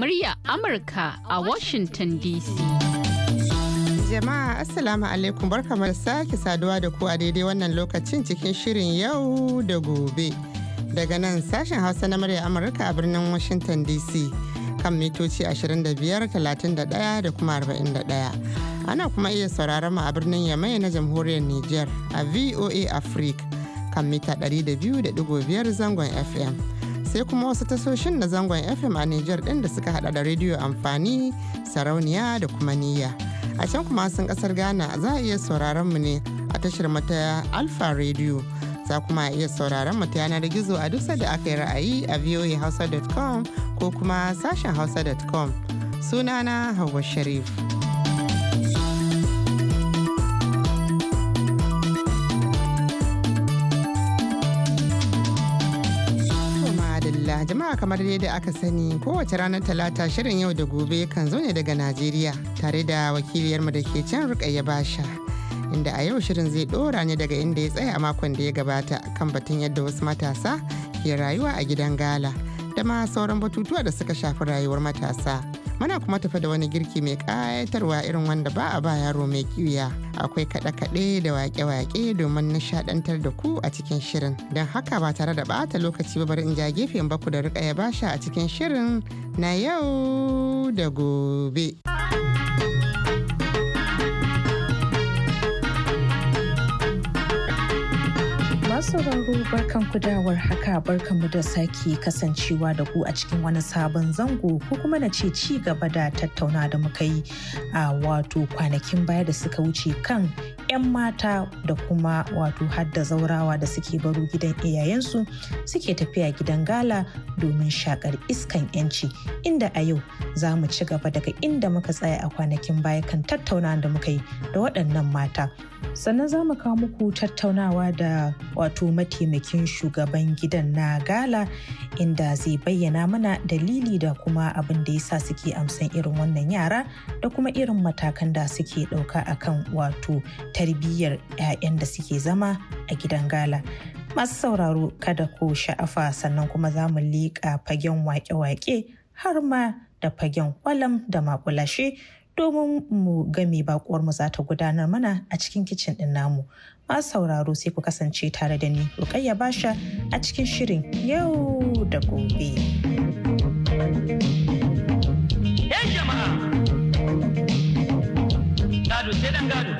murya Amurka a Washington DC. Jama'a Assalamu alaikum barkamu da sake saduwa da ku a daidai wannan lokacin cikin shirin yau da gobe. Daga nan sashen Hausa na murya Amurka a birnin Washington DC kan mitoci 25, 31 da kuma 41. ana kuma iya sauraron mu a birnin yamai na jamhuriyar Nijar, a voa africa kan mita 200.5 zangon fm sai kuma wasu tasoshin na zangon FM a Nijar ɗin da suka hada da rediyo amfani, sarauniya da kuma niyya. A can kuma sun ƙasar Ghana za a iya sauraron mu ne a tashar mata Alpha Radio. Za kuma a iya sauraron mu ta yanar gizo a duk da aka yi ra'ayi a voahausa.com ko kuma sashen hausa.com. Sunana Hauwa Sharif. kamar kamar da aka sani kowace ranar talata shirin yau da gobe kan zo ne daga najeriya tare da wakiliyarmu da ke can rukayya basha inda a yau shirin zai dora ne daga inda ya tsaya a makon da ya gabata kan batun yadda wasu matasa ke rayuwa a gidan gala da ma sauran batutuwa da suka shafi rayuwar matasa muna kuma tafa da wani girki mai kayatarwa irin wanda ba a ba yaro mai kiwiya akwai kaɗe-kaɗe da waƙe-waƙe domin nishaɗantar da ku a cikin shirin don haka ba tare da ɓata lokaci ba bari in ja gefen baku da riƙa ya basha a cikin shirin na yau da gobe. Masu sauraro barkan kudawar haka barkan mu da sake kasancewa da ku a cikin wani sabon zango ko kuma na ce ci gaba da tattauna da muka yi a wato kwanakin baya da suka wuce kan 'yan mata da kuma wato hadda zaurawa da suke baro gidan iyayensu suke tafiya gidan gala domin shakar iskan 'yanci inda a yau za mu ci gaba daga inda muka tsaya a kwanakin baya kan tattauna da muka yi da waɗannan mata sannan za mu kawo muku tattaunawa da wato mataimakin shugaban gidan na gala inda zai bayyana mana dalili da kuma abin da ya sa suke amsan irin wannan yara da kuma irin matakan da suke ɗauka akan wato tarbiyyar 'ya'yan da suke zama a gidan gala. Masu sauraro kada ko sha'afa sannan kuma za mu liƙa fagen wake-wake har ma da fagen kwalam da makulashe domin mu game bakuwar mu za ta gudanar mana a cikin kicin ɗin namu. Masu sauraro sai ku kasance tare da ni Rukayya Basha a cikin shirin yau da gobe. Yan jama'a, gado sai dan gado.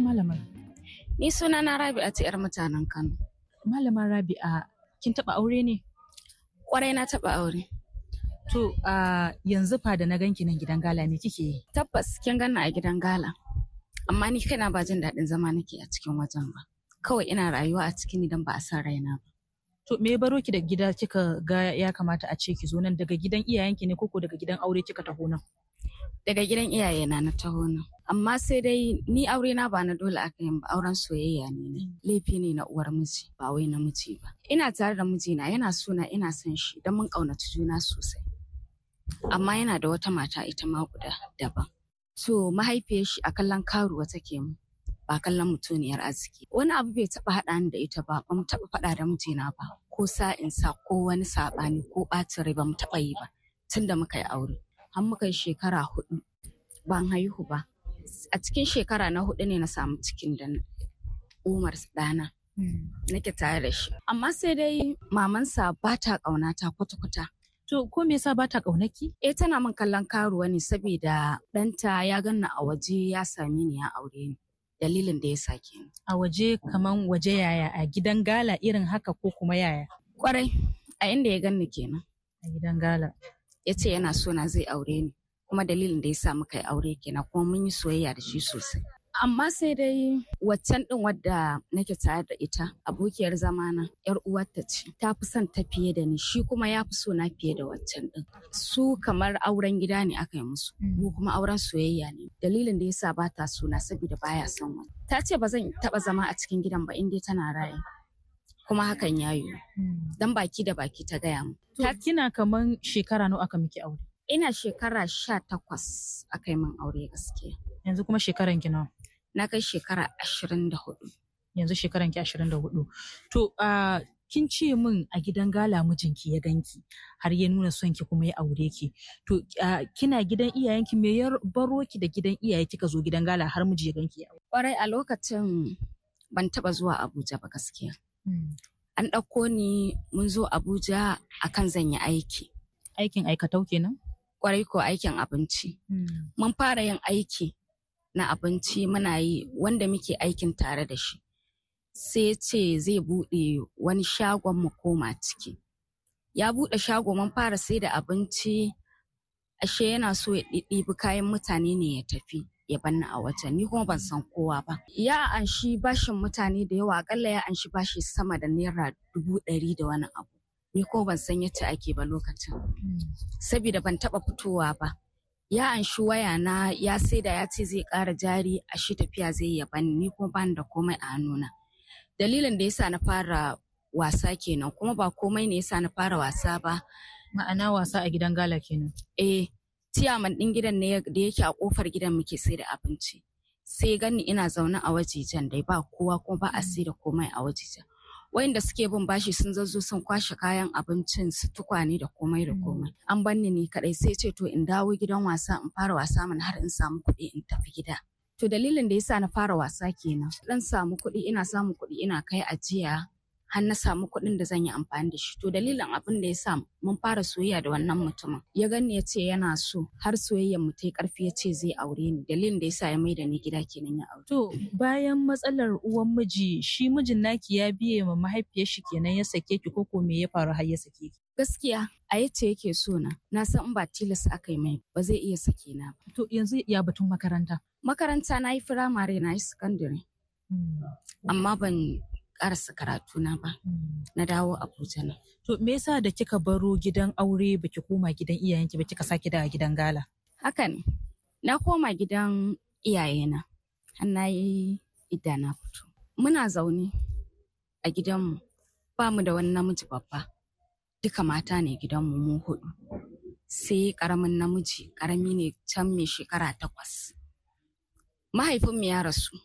Ni suna na Rabi'a ta 'yar mutanen Kano. Malama Rabi'a, kin taɓa aure ne? Kwarai na taba aure. To, yanzu fa da na ganki nan gidan gala ne, kike yi? Tabbas kin ganna a gidan gala. Amma ni kaina ba jin daɗin zama nake a cikin wajen ba. Kawai ina rayuwa a cikin idan ba a san raina ba. To me baro ki da gida kika ga ya kamata a ce ki zo nan daga gidan iyayenki ne koko daga gidan aure kika taho nan? Daga gidan iyayena na taho nan. amma sai dai ni aure na ba na dole aka yi auren soyayya ne ne mm. laifi ne na uwar miji ba wai na miji ba ina tare da mijina yana suna ina son shi don mun kaunaci juna sosai amma yana da wata mata ita ma guda daban so mahaifiyar shi a kallon karuwa take mu ba kallon mutuniyar arziki wani abu bai taba haɗa ni da ita ba ba mu taba faɗa da mijina ba ko sa ko wani saɓani ko ɓacin rai ba mu taba yi ba tun da muka yi aure har muka yi shekara hudu ban haihu ba a cikin shekara na hudu ne na samu cikin da umar ɗana hmm. nake tare da shi amma sai dai mamansa ba ta ƙaunata kwata-kwata To ko me yasa bata kaunaki? Eh tana min kallon karuwa ne saboda ɗanta ya ganna a waje ya same ni ya aure ni. Dalilin da ya sake ni. A waje kaman waje yaya a gidan gala irin haka ko kuma yaya? Kwarai a inda ya ganni kenan. A gidan gala. Ya ce yana so na zai aure ni. kuma dalilin da ya sa muka yi aure kenan kuma mun yi soyayya da shi sosai amma sai dai waccan ɗin wadda nake tare da ita abokiyar zamana yar uwarta ce ta fi son ta fiye da ni shi kuma ya fi so na fiye da waccan din su kamar auren gida ne aka yi musu mu kuma auren soyayya ne dalilin da yasa ba ta so na saboda baya son wani ta ce ba zan taba zama a cikin gidan ba in tana raye kuma hakan ya yiwu dan baki da baki ta gaya mu kina kaman shekara nawa aka miki aure ina shekara sha takwas a kai min aure gaskiya yanzu kuma shekaran ki nawa na kai shekara ashirin da hudu yanzu shekaran ki ashirin da hudu to kin ce min a gidan gala mijinki ya ganki har ya nuna son ki kuma ya aure ki to kina gidan iyayenki me ya baro ki da gidan iyaye kika zo gidan gala har miji ya ganki ya aure kwarai a lokacin ban taba zuwa abuja ba gaskiya hmm. an ɗauko ni mun zo abuja akan zan yi aiki aikin aikatau kenan kwarai ko aikin abinci. Hmm. Mun fara yin aiki na abinci muna yi wanda muke aikin tare da shi. Sai ce zai buɗe wani shagon mu koma ciki. Ya buɗe shago mun fara sai da abinci ashe yana so ya ɗiɗɗibi kayan mutane ne ya tafi. ya banna a wata ni kuma ban san kowa ba ya anshi bashin mutane da yawa akalla ya anshi bashi sama da naira dubu ɗari da wani abu ni ko ban san yadda ake ba lokacin hmm. saboda ban taba fitowa ba ya anshi waya na ya da ya ce zai ƙara jari a shi tafiya zai ya ni kuma bani da komai a hannuna dalilin da yasa na fara wasa kenan kuma ba komai ne yasa na fara wasa ba ma'ana wasa a gidan gala kenan eh ciyaman din gidan ne da yake a kofar gidan muke sai da abinci sai gani ina zaune a wajejen dai ba kowa kuma ba a sai da komai a wajejen wayanda suke bin bashi sun zazzo sun kwashe kayan abincin su tukwane da komai da mm. komai an banni ni kadai sai ce to in dawo gidan wasa in fara wasa mun har in samu kuɗi in tafi gida to dalilin da yasa na fara wasa kenan dan samu kuɗi ina samu kuɗi ina kai ajiya har na samu kuɗin da zan yi amfani da shi to dalilin abin da ya sa mun fara soyayya da wannan mutumin ya gani ya ce yana so har soyayyan mu ta yi ƙarfi ya ce zai aure ni dalilin da ya sa ya mai da ni gida kenan ya aure to bayan matsalar uwan miji shi mijin naki ya biye ma mahaifiyar shi kenan ya sake ki ko me ya faru har ya sake ki gaskiya a yace yake so na na san in ba tilas aka yi mai ba zai iya sake na ba to yanzu ya batun makaranta makaranta na yi firamare na yi sakandare hmm. amma ban karasa karatu na ba mm. na dawo Abuja na to me yasa da kika baro gidan aure baki koma gidan iyayenki ba kika saki daga gidan gala haka na koma gidan iyayena har na yi idan na fito muna zaune a gidanmu ba mu da wani namiji babba duka mata ne gidanmu mu hudu sai karamin namiji karami ne can mai shekara takwas mahaifinmu ya rasu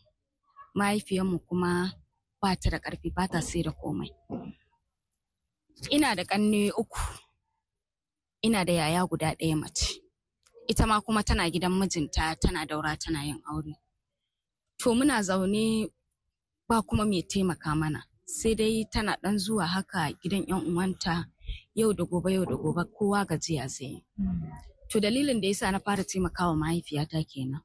mahaifiyarmu kuma ba ta da ƙarfi ba ta sai da komai ina da ƙanne uku ina da yaya guda ɗaya mace ita ma kuma tana gidan mijinta tana daura tana yin aure to muna zaune ba kuma mai taimaka mana sai dai tana ɗan zuwa haka gidan yan uwanta yau da gobe yau da gobe kowa gajiya zai hmm. to dalilin da yasa na fara taimakawa mahaifiyata kenan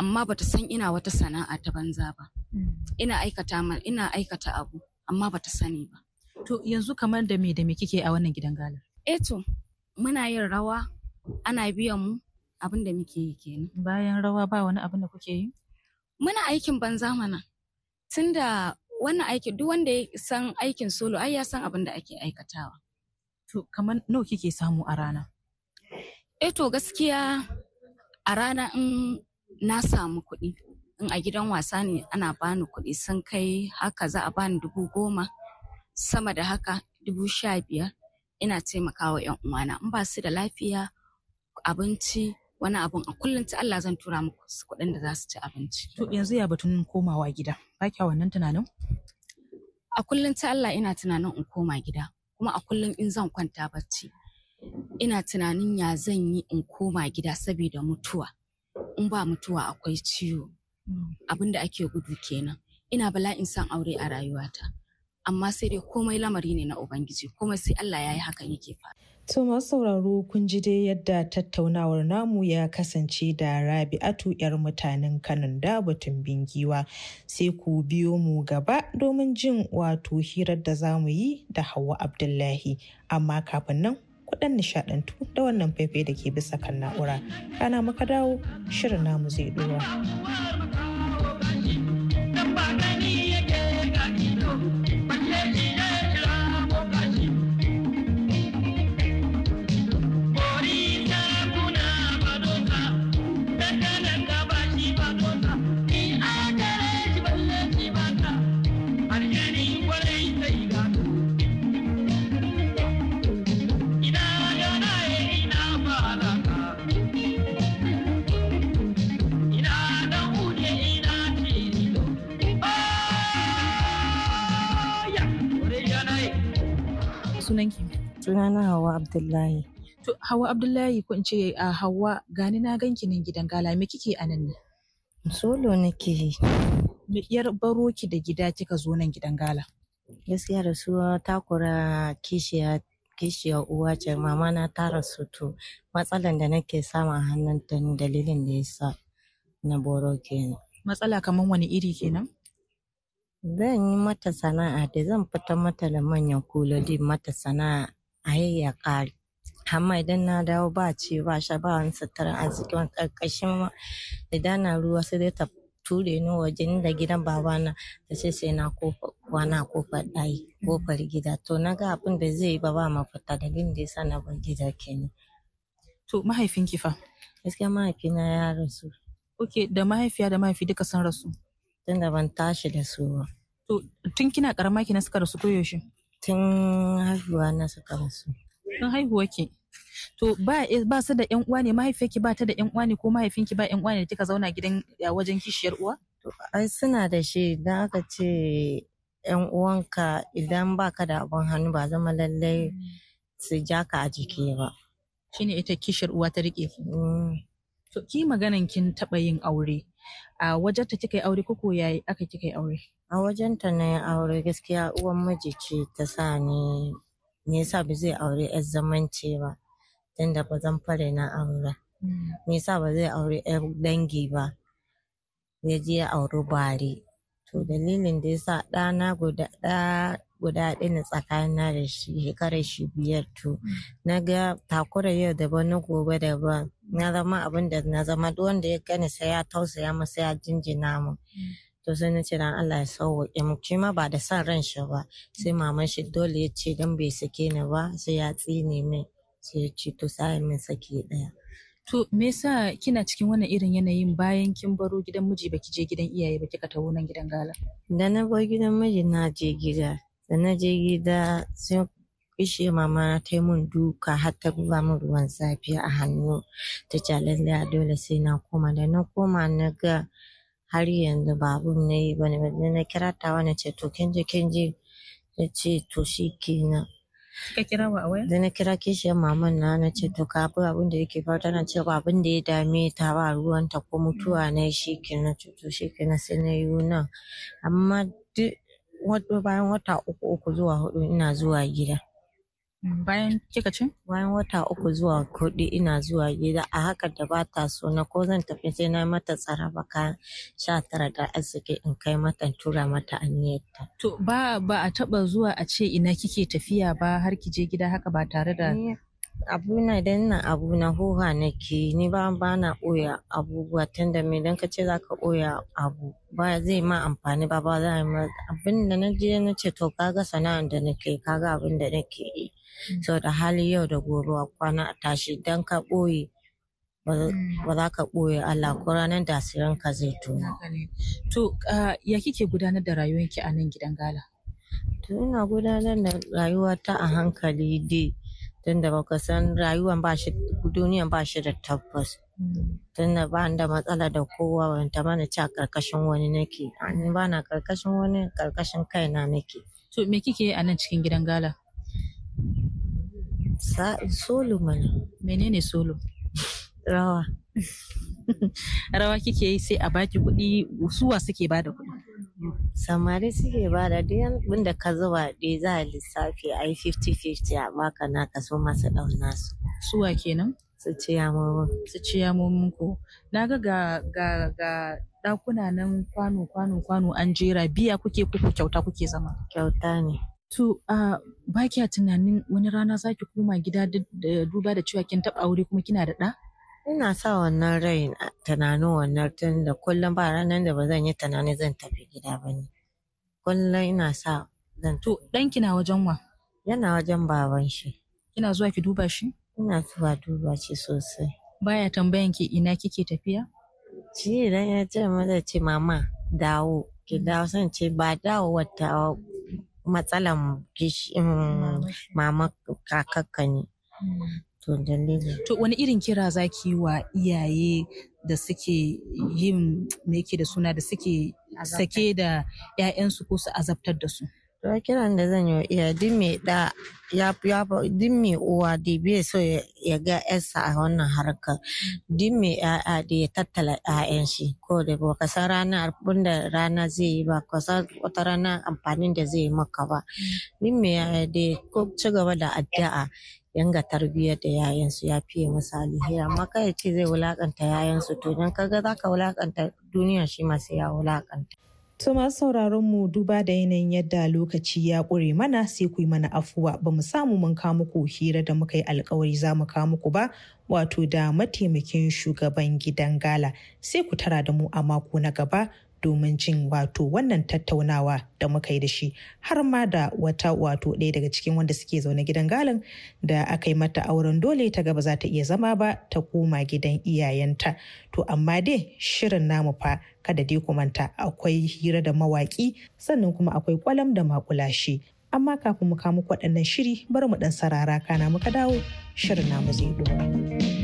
amma bata san ina wata sana'a ta banza ba mm. ina aikata man ina aikata abu amma bata sani ba to yanzu kamar da me da me kike a wannan gidan gala eh to muna yin rawa ana biyan mu abin da muke yi kenan bayan rawa ba wani abin da kuke yi muna aikin banza mana tunda wannan aiki duk wanda ya san aikin solo ai ya san abin da ake aikatawa to kamar nawa kike samu a rana eh to gaskiya a rana in na samu kuɗi in a gidan wasa ne ana bani kuɗi sun kai haka za a bani dubu goma sama da haka dubu sha biyar ina taimakawa yan uwana in ba su da lafiya abinci wani abun a kullum ta Allah zan tura muku kuɗin da za su ci abinci. To yanzu ya batun komawa gida ba kya wannan tunanin? A kullum ta Allah ina tunanin in koma gida kuma a kullum in zan kwanta bacci ina tunanin ya zan yi in koma gida saboda mutuwa. in ba mutuwa akwai ciwo abin da ake gudu kenan ina bala'in san aure a rayuwata amma sai dai komai lamari ne na ubangiji komai sai Allah ya yi haka yake fa. to masu sauraro kun ji dai yadda tattaunawar namu ya kasance da rabi'atu yar mutanen kanon da batun bingiwa sai ku biyo mu gaba domin jin wato hirar da za mu yi da hawa abdullahi amma kafin nan waɗannan nishaɗantu da wannan faifai da ke bisa kan na'ura. Rana muka dawo shirin namu zai ɗora. na Hawa Abdullahi. To Hawa Abdullahi ko ce a Hawa gani na ganki nan gidan gala me kike a nan ne? Solo nake. Me yar baro ki da gida kika zo nan gidan gala? Gaskiya da su takura kishiya kishiya uwa ce mama na ta rasu to matsalan da nake samu a hannun ta ni dalilin da sa na boro kenan. Matsala kamar wani iri kenan? Zan yi mata sana'a da zan fita mata da manyan kuloli mata sana'a a ya ƙare amma idan na dawo ba ci ba sha ba wani satarin arziki wani ƙarƙashin idan na ruwa sai dai ta ture ni waje da gidan babana ta ce sai na kwana kofar dai kofar gida to na ga abin da zai yi ba ba mafita dalilin da ya sa na ban gida kenan. to mahaifinki fa. gaskiya mahaifina ya rasu. ok da mahaifiya da mahaifi duka sun rasu. tunda ban tashi da su ba. to tun kina karama kina suka rasu ko yaushe. tun haihuwa na saka rasu tun haihuwa ke to ba su da ƴan uwa ne mahaifiyarki ba ta da ƴan uwa ne ko mahaifinki ba ƴan uwa ne da kika zauna gidan wajen kishiyar uwa to ai suna da shi idan aka ce yan uwanka idan ka da abin hannu ba zama lallai su ja ka a jiki ba shine ita kishiyar uwa ta riƙe. ki mm. to ki kin taba yin aure a wajenta kika yi aure koko yayi aka kika aure a wajenta na aure gaskiya uwan miji ce ta sa ni me yasa ba zai aure yar zamance ba da ba zan fare na aure hmm. me yasa ba zai aure yar dangi ba ya je ya auri bare to dalilin da yasa ɗana guda ɗaya guda ɗin tsakanina da shi shekarar shi biyar to na ga takura yau daban na gobe daban na zama abin da na zama duk wanda ya gani sai ya tausaya mu sai ya jinjina mu to sai na ce dan Allah ya sauwaƙe mu shi ma ba da son ran shi ba sai maman shi dole ya ce dan bai sake ni ba sai ya tsine min sai ya ce to sai min sake ɗaya To me yasa kina cikin wannan irin yanayin bayan kin baro gidan miji baki je gidan iyaye ba kika taho nan gidan gala? Da na bar gidan miji na je gida da na je gida sai ishe mama ta yi min duka har ta zuba min ruwan zafi a hannu ta ce a dole sai na koma da na koma na ga har yanzu babun ne na yi ba ne na kira ta wani ce to kin je kin je ta ce to shi kenan Ka kira wa waya? Da na kira kishiyar maman na na ce to ka abin da yake faru tana ce ba abin da ya dame ta ba ruwanta ko mutuwa na shi kenan to shi kenan sai na yi nan amma duk bayan wata uku uku zuwa hudu ina zuwa gida bayan kika ce bayan wata uku zuwa kudi ina zuwa gida a haka da ba ta so na ko zan tafi sai na mata tsara ba ka sha tara da arziki in kai mata tura mata aniyarta to ba ba a taba zuwa a ce ina kike tafiya ba har ki je gida haka ba tare da abuna idan ina abuna hauhawa nake yi ba bana ɓoye abubuwa tunda me dan kace zaka ɓoye abu ba zai ma amfani ba ba zai ma Abin da na je na ce to kaga sana'an da nake kaga da nake yi mm. so da hali yau da gobe a kwana a tashi dan ka ɓoye mm. ba za ka ɓoye Allah ko ranar da ka zai tona. To ya kike gudanar da rayuwarki a nan gidan gala? To ina gudanar da rayuwata a hankali dai Tun da baka san rayuwan ba shi duniyan ba shi da tabbas Tun da ba da matsala da kowa wanda mana ci a karkashin wani nake an ba na karkashin wani karkashin kaina nake to me kike yi a nan cikin gidan gala solo mana menene solo rawa rawa kike yi sai a baki kuɗi suwa suke bada kuɗi samari suke ba da abin da ka zuba ɗe za a lissafi a yi 50-50 a baka na ka so masu ɗauna su suwa kenan su ci yamomin su ci yamomin ku na ga ga ga ɗakuna nan kwano kwano kwano an jera biya kuke kuku kyauta kuke zama kyauta ne To a ba kya tunanin wani rana za ki koma gida duba da cewa kin taɓa aure kuma kina da ɗa? Ina sa wannan rai tunanin wannan tun da kullum ba ranar da ba zan yi tunanin zan tafi gida ba ne. Kullum ina sa zan To danki na wajen wa? Yana wajen baban shi. Kina zuwa ki duba shi? Ina zuwa duba shi sosai. Baya tambayan ki ina kike tafiya? Shi idan ya ce mata ce mama dawo ki dawo san ce ba dawo wata matsalan mm, mama kakakka ne. Mm. To To wani irin kira za ki yi wa iyaye da suke yin me yake da suna da suke sake da 'ya'yansu ko su azabtar da su? To kiran da zan yi wa iyaye da ya duk mai uwa da bai so ya ga yarsa a wannan harkar dimi mai da ya tattala 'ya'yan shi ko da ba ka san rana da rana zai yi ba ka san wata rana amfanin da zai yi maka ba dimi mai da ko ci gaba da addu'a yanga tarbiyyar da yayansu ya fiye misali alheri amma kai ce zai wulakanta yayansu to dan kaga zaka wulakanta duniya shi ma sai ya wulakanta. To masu sauraron mu duba da yanayin yadda lokaci ya ƙure mana sai ku yi mana afuwa ba mu samu mun kawo muku hira da muka yi alkawari za mu kawo muku ba wato da mataimakin shugaban gidan gala sai ku tara da mu a mako na gaba domin jin wato wannan tattaunawa da muka yi da shi har ma da wata wato ɗaya daga cikin wanda suke zaune gidan galin da aka yi mata auren dole ta gaba za ta iya zama ba ta koma gidan iyayenta to amma dai shirin namu fa kada dai kumanta akwai hira da mawaƙi sannan kuma akwai kwalam da makulashi amma kafin mu kamu kwaɗannan shiri bari mu ɗan sarara kana muka dawo shirin namu zai ɗora.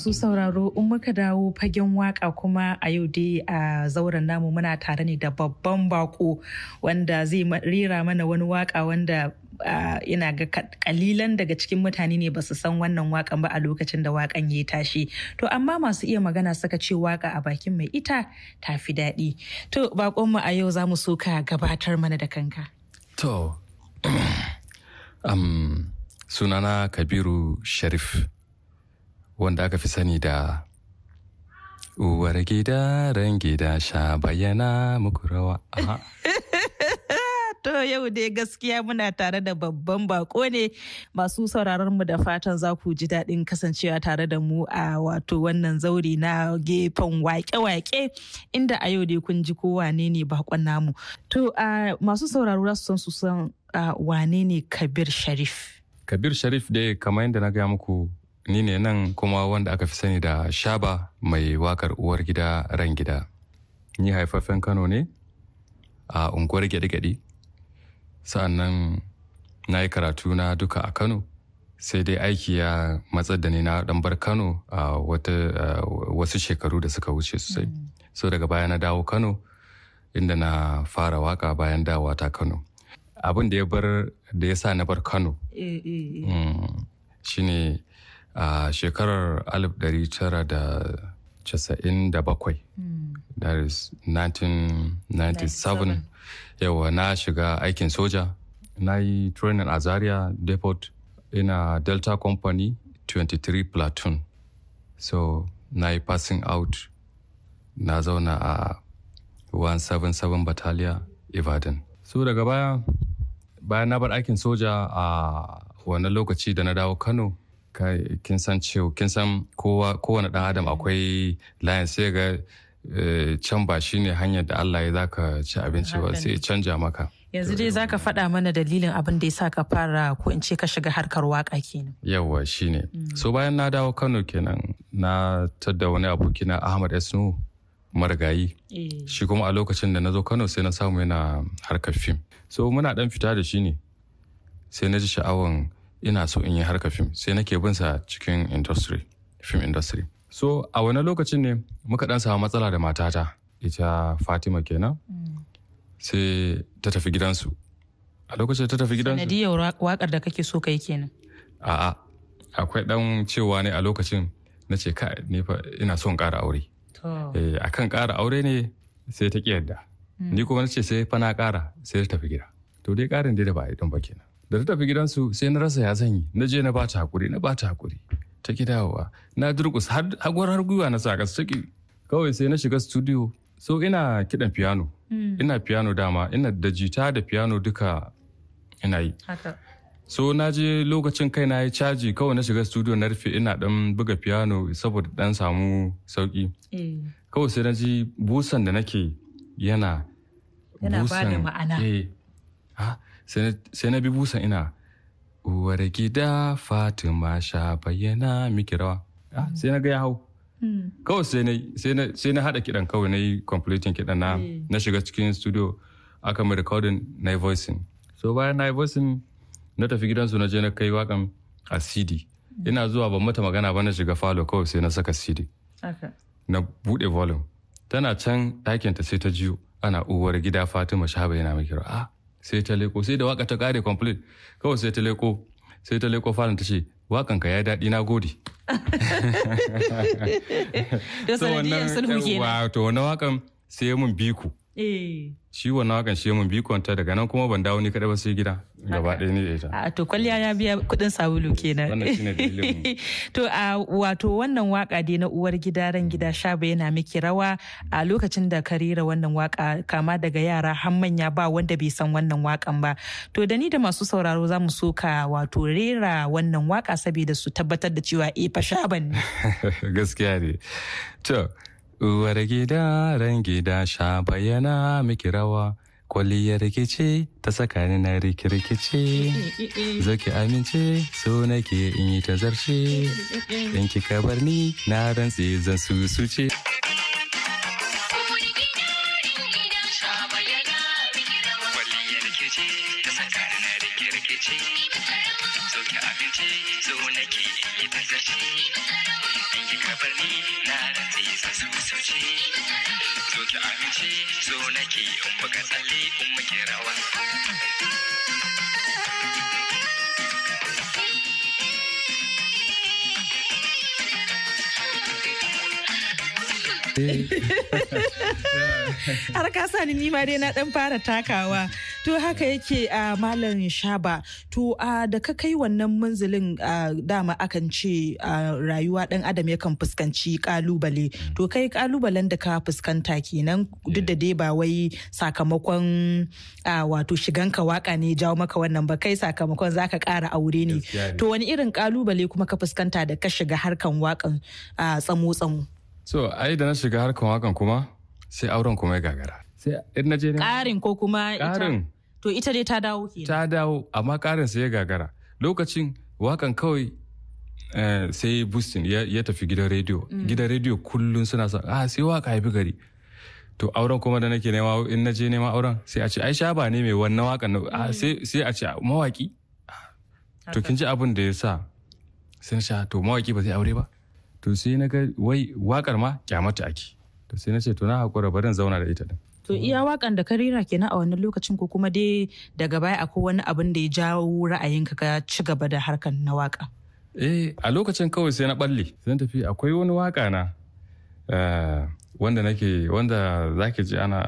masu sauraro in muka dawo fagen waka kuma a yau dai a zauren namu muna tare ne da babban bako wanda zai rera mana wani waka wanda ina ga kalilan daga cikin mutane ne ba su san wannan wakan ba a lokacin da wakan ya tashi to amma masu iya magana suka ce waka a bakin mai ita ta fi daɗi to mu a yau za mu so ka gabatar mana da kanka to sunana kabiru sharif wanda aka fi sani da uwar gida ran gida sha bayyana muku rawa to yau dai gaskiya muna tare da babban bako ne masu sauraron mu da fatan za ku ji daɗin kasancewa tare da mu a wato wannan zauri na gefen wake-wake inda a yau dai kun ji ko wane ne bakon namu to masu sauraro za su san su san wane ne kabir sharif kabir sharif dai kamar yadda na gaya muku ni ne nan kuma wanda aka fi sani da shaba mai wakar uwar gida ran gida ni haifafen kano ne a unguwar gyaɗi-gyaɗi Sa'annan nan na yi karatu na duka a kano sai dai aiki ya matsa da ni na ɗan bar kano a wasu shekaru da suka wuce sosai mm. so daga baya na dawo kano inda na fara waka bayan dawa ta kano abin da ya bar da ya sa na bar kano eh, eh, eh. mm. shine a shekarar 1997 Da 1997 hmm. yawa na shiga aikin soja na yi training a zaria depot ina delta company 23 platoon so na yi passing out na zauna a 177 battalion ibadan so daga baya bayan na bar aikin soja a wannan lokaci da na dawo kano kin san cewa kin san kowa kowane dan adam akwai layin sai ga eh, can ba shi ne hanyar da Allah ya zaka ci abinci ba sai canja maka yanzu dai zaka faɗa mana dalilin abin da ya sa ka fara ko in ce ka shiga harkar waka kenan yawa ne mm. so bayan na dawo Kano kenan na tadda wani abokina Ahmad Esnu margayi eh. shi kuma a lokacin da na zo Kano sai na samu yana harkar fim so muna dan fita da shi ne sai na ji sha'awan ina so in yi harka fim sai nake bin sa cikin industry film industry so a wani lokacin ne muka dan samu matsala da matata ita fatima kenan sai ta tafi gidansu a lokacin ta tafi gidansu sanadiyar wakar da kake so kai kenan a'a akwai dan cewa ne a lokacin na ce ka ni fa ina son ƙara aure eh, a kan ƙara aure ne sai ta ƙi yadda hmm. ni kuma na ce sai fa na ƙara sai ta tafi gida to dai ƙarin dai da ba a yi ba kenan da ta tafi gidansu sai na rasa ya zanyi na je na bata hakuri na bata hakuri ta ki dawowa na durkus har har gwiwa na sa ka saki kawai sai na shiga studio so ina kidan piano hmm. ina piano dama ina da jita da piano duka ina yi so na je lokacin kai na yi caji kawai na shiga studio na rufe ina dan buga piano saboda dan samu sauki eh. kawai sai na ji busan da nake yana yana ba da ma'ana eh. ah, sai na bi busa ina uwar gida fatima sha bayyana miki rawa ah, mm. sai na ga ya hau mm. kawai sai na haɗa kiɗan kawai na yi completing kiɗan na eh. shiga cikin studio aka mai recording na voicing so bayan na voicing na tafi gidansu na je na kai wakan a cd mm. ina zuwa ban mata magana ba na shiga falo kawai sai na saka cd na buɗe volume tana can dakinta sai ta jiyo ana uwar gida fatima sha bayyana miki rawa. Ah, sai ta leko sai da waka ta kare complete kawai sai ta leko sai ta leko falon ta ce wakan ka ya daɗi na gode to wannan wakan sai mun biku Eh. ciwon na hakan shi mun bikonta daga nan kuma ban dawo ni kada ba sai gida gaba ɗaya ni ita. A to kwalliya ya biya kuɗin sabulu kenan. Wannan shine dalilin. To a wato wannan waka dai na uwar gida ran gida Shaba yana miki rawa a lokacin da ka rera wannan waka kama daga yara har manya ba wanda bai san wannan wakan ba. To da ni da masu sauraro za mu so wato rera wannan waka saboda su tabbatar da cewa e fa Shaban ne. Gaskiya ne. To Uwar gida ran gida sha bayyana miki rawa kwaliyar rikici ta saka ni na Zo ki amince so nake in yi ta zarce in kika bar ni na rantse zan susuce. Zo ki amince zo nake in yi ta zarce sa su sauci so ki aminci so nake in muka tsalle in muke rawa har ka sani ni ma dai na dan fara takawa to haka yake a ah, malam shaba to uh, da ka kai wannan manzilin uh, dama akan ce uh, rayuwa ɗan adam yakan fuskanci kalubale mm. to kai kalubalen da ka fuskanta kenan duk da dai ba wai sakamakon uh, wato shiganka waka ne jawo maka wannan ba kai sakamakon zaka kara aure ne to wani irin kalubale kuma ka fuskanta da ka shiga harkan wakan tsamo tsamo so ai da na shiga harkan wakan kuma sai auren kuma ya gagara sai na je ne ko kuma ita to ita dai ta dawo ke ta dawo amma karin sai ya gagara lokacin wakan kawai eh, sai boosting ya tafi gidan rediyo mm. gidan rediyo kullum suna son ah sai waka haifi gari to auren kuma da nake nema in na je nema auren sai a ce ai shaba ne mai wannan wakan mm. ah, sai a ce mawaki ah, to kin ji abin da ya sa sun sha ah, to mawaki ba zai aure ba to sai na ga wai wakar ma kyamata ake to sai na ce to na hakura barin zauna da ita din to iya mm. wakan da ka rera kenan a wannan lokacin ko kuma dai daga baya akwai wani abin da ya jawo ra'ayinka ka ci gaba da harkan na waka eh a lokacin kawai sai na balle zan tafi akwai wani waka na eh, wanda nake wanda zaki ji ana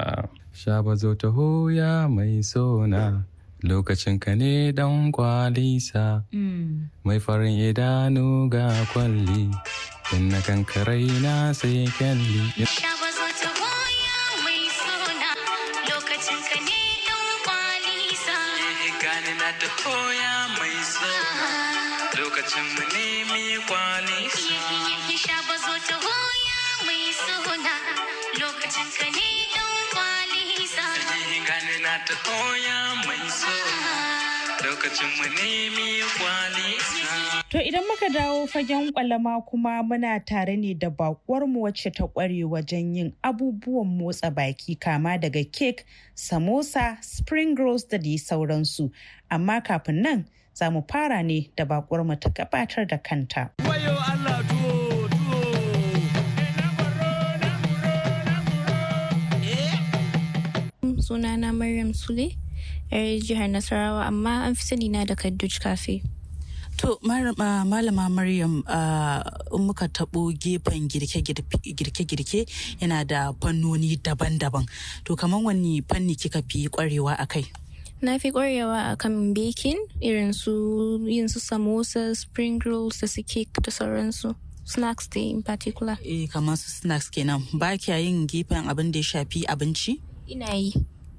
sha bazo ta hoya mai sona lokacin ka ne dan kwalisa mm. mai farin idanu ga kwalli in na kankarai na sai kyalli gani na ta koya mai tsawo lokacin mu ne nemi kwalisa sha ba zo ta hoya mai suna lokacin ka ne dan kwalisa gani na ta koya mai tsawo lokacin mu To idan muka dawo fagen kwalama kuma muna tare ne da bakuwar mu wacce ta kware wajen yin abubuwan motsa baki kama daga cake, samosa, spring rolls da dai sauransu. Amma kafin nan za mu fara ne da bakuwar mu ta gabatar da kanta. Allah eh, sunana Maryam Sule 'yar jihar Nasarawa amma an fi sani na da Kaduj Cafe. To malama Maryam ah, in muka taɓo gefen girke-girke yana da fannoni daban-daban. To kamar wani fanni kika fi kwarewa a kai? Na fi kwarewa a kan baking irin su yin su samosa, spring rolls da su cake da sauransu. Snacks dai in particular. Eh kamar su snacks kenan. Ba kya yin gefen abin da ya shafi abinci? Ina yi.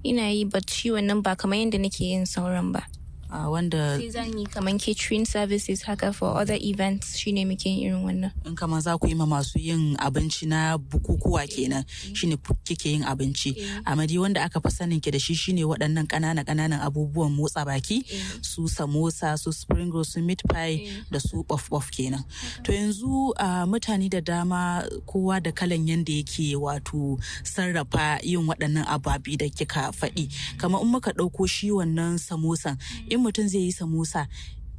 ina yi ba ciwon wannan ba kamar yadda nake yin sauran ba Uh, wanda sai zan yi kaman catering services haka for other events shine muke irin wannan in kamar za ku yi ma masu yin abinci na bukukuwa kenan mm. shine kike yin abinci mm. amadi wanda aka fi sanin ki da shi shine waɗannan ƙanana ƙananan abubuwan motsa baki mm. su samosa su spring roll su meat pie da su puff puff kenan to yanzu ah, mutane da dama kowa da kalan yanda yake wato sarrafa yin waɗannan ababi da kika faɗi kamar in muka ɗauko shi wannan samosan in mutum zai yi samosa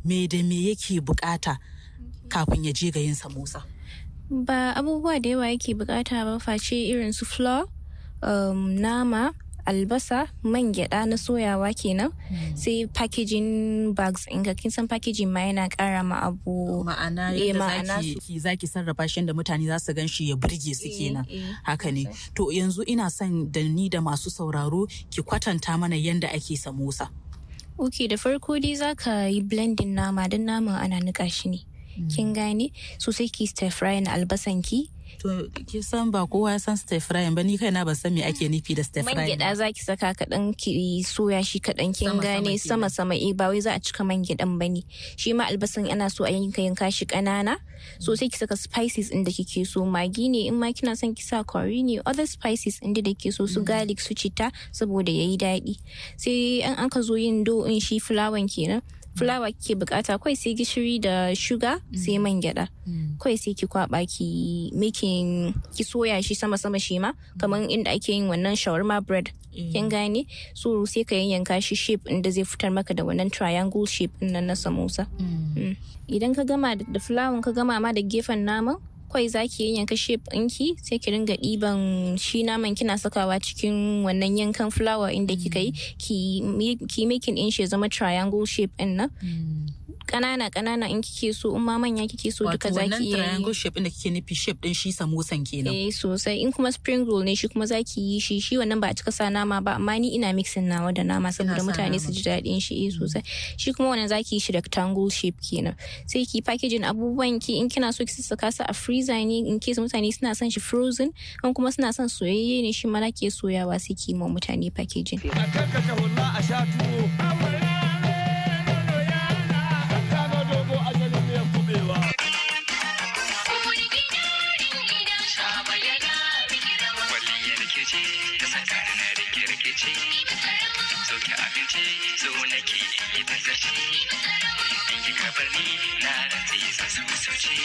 me da me yake bukata kafin ya je ga yin samosa ba abubuwa da yawa yake bukata ba face irin su flour um, nama albasa man gyada na soyawa kenan hmm. sai packaging bags in ga kin san packaging ma yana kara ma abu ma'ana yadda eh, zaki zaki sarrafa shi da mutane za su gan shi ya burge su eh, kenan eh, haka ne to yanzu ina son da ni da masu sauraro ki kwatanta mana yanda ake samosa oke da farko dai za ka yi blending nama don naman ana nika shi ne mm. kin gane sosai sai ki stir fry na albasan ki to ki san ba kowa ya san stir fry ba ni kaina ba san me ake nufi da stir fry man za zaki saka kadan ki soya shi kadan kin gane sama sama e eh, ba wai za a cika man gidan bane shi ma albasan ana so a yanka yanka shi kanana so sai ki saka spices inda kike so magi ne in ma kina son ki sa curry ne other spices inda da ke so su mm. garlic su citta saboda yayi daɗi sai an aka zo yin do in shi fulawan kenan mm. fulawa kike bukata kawai sai gishiri da shuga mm. sai man gyada kawai sai ki kwaba ki mikin ki soya shi sama sama shi ma kamar inda ake yin wannan shawarma bread mm. kin gane so sai ka yanka shi shape inda zai fitar maka da wannan triangle shape din nan na samosa mm. Mm. idan ka gama da fulawan ka gama ma da gefen naman kawai za ki yanka shape ɗinki sai ki ringa ɗiban shi naman kina sakawa cikin wannan yankan fulawa inda kika yi ki making ɗin shi zama triangle shape din nan kanana kanana in kike so in ma manya kike so duka zaki iya wannan triangle shape da kike nufi shape ɗin shi samosan kenan eh sosai in kuma spring roll ne shi kuma zaki yi shi shi wannan ba a cika sa nama ba amma ni ina mixing nawa da nama saboda mutane su ji daɗin shi eh sosai mm. shi kuma wannan zaki yi shi rectangle shape kenan sai ki packaging abubuwan ki in kina so ki saka su a freezer ne in case mutane suna son shi frozen in kuma suna son soyayye ne shi ma ke soyawa sai ki ma mutane packaging Ni na rantse san su sauce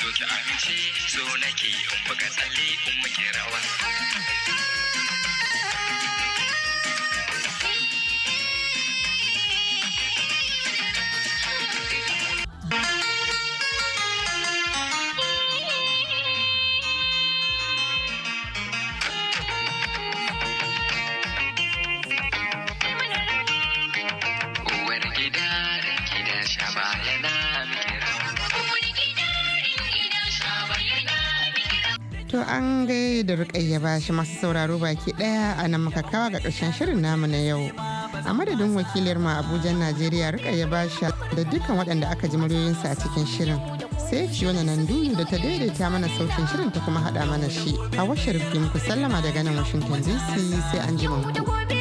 zo ki amince so nake in tsale tsalle in muke rawa an gai da rikayya shi masu sauraro baki daya a nan muka ga ƙarshen shirin namu na yau a madadin wakiliyar ma abuja najeriya rikayya bashi da dukkan waɗanda aka ji muryoyinsa a cikin shirin sai wani nan duyu da ta daidaita mana sautin shirin ta kuma haɗa mana shi a washe rufe muku sallama daga nan washington dc sai an ji ku.